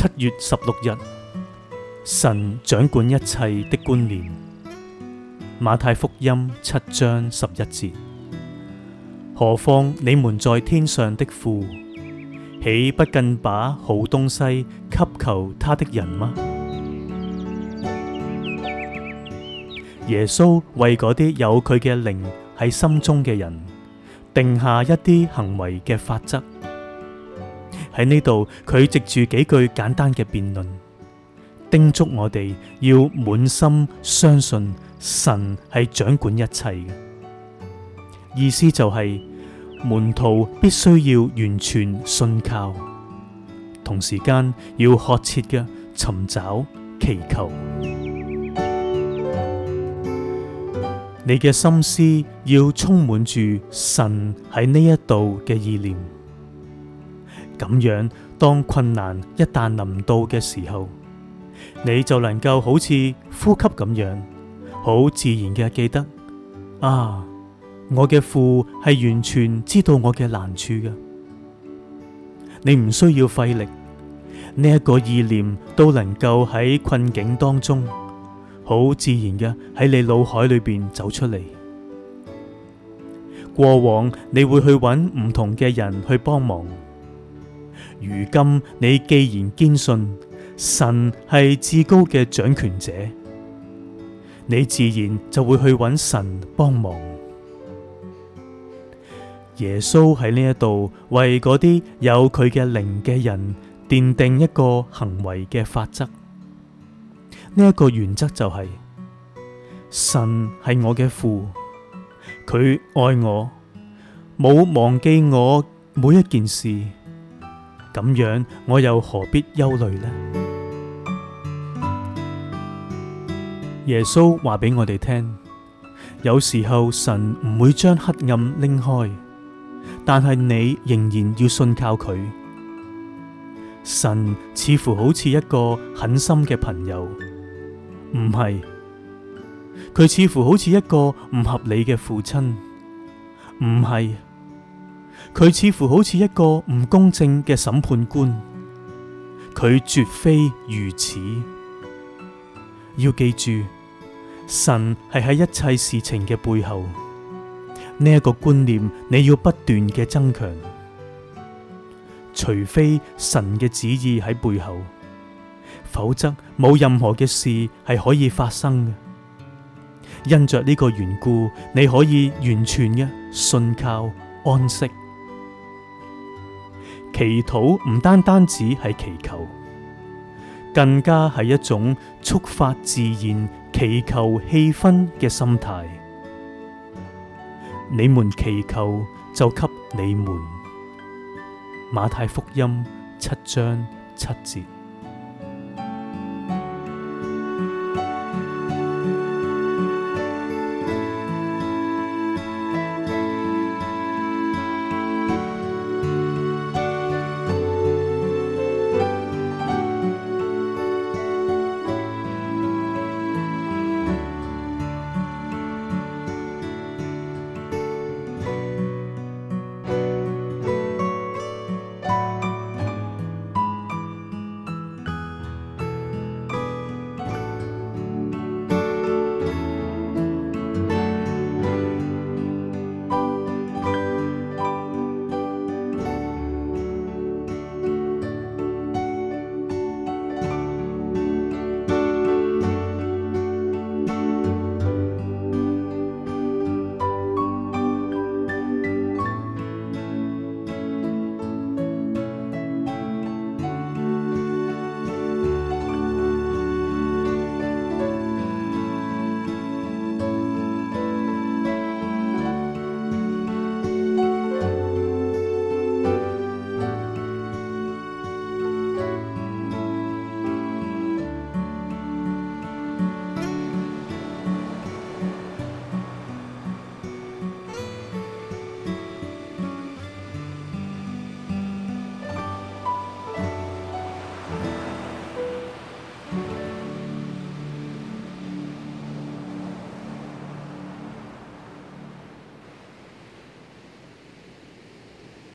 七月十六日，神掌管一切的觀念。馬太福音七章十一節：何況你們在天上的父，豈不更把好東西給求他的人嗎？耶穌為嗰啲有佢嘅靈喺心中嘅人，定下一啲行為嘅法則。喺呢度，佢藉住幾句簡單嘅辯論，叮囑我哋要滿心相信神係掌管一切嘅。意思就係、是、門徒必須要完全信靠，同時間要渴切嘅尋找祈求。你嘅心思要充滿住神喺呢一度嘅意念。咁樣，當困難一旦臨到嘅時候，你就能夠好似呼吸咁樣，好自然嘅記得啊！我嘅父係完全知道我嘅難處噶，你唔需要費力，呢一個意念都能夠喺困境當中，好自然嘅喺你腦海裏邊走出嚟。過往你會去揾唔同嘅人去幫忙。如今你既然堅信神係至高嘅掌權者，你自然就會去揾神幫忙。耶穌喺呢一度為嗰啲有佢嘅靈嘅人奠定一個行為嘅法則。呢一個原則就係神係我嘅父，佢愛我，冇忘記我每一件事。咁樣，我又何必憂慮呢？耶穌話俾我哋聽，有時候神唔會將黑暗拎開，但係你仍然要信靠佢。神似乎好似一個狠心嘅朋友，唔係？佢似乎好似一個唔合理嘅父親，唔係？佢似乎好似一個唔公正嘅審判官，佢絕非如此。要記住，神係喺一切事情嘅背後，呢一個觀念你要不斷嘅增強。除非神嘅旨意喺背後，否則冇任何嘅事係可以發生嘅。因着呢個緣故，你可以完全嘅信靠安息。祈禱唔單單只係祈求，更加係一種觸發自然祈求氣氛嘅心態。你們祈求，就給你們。馬太福音七章七節。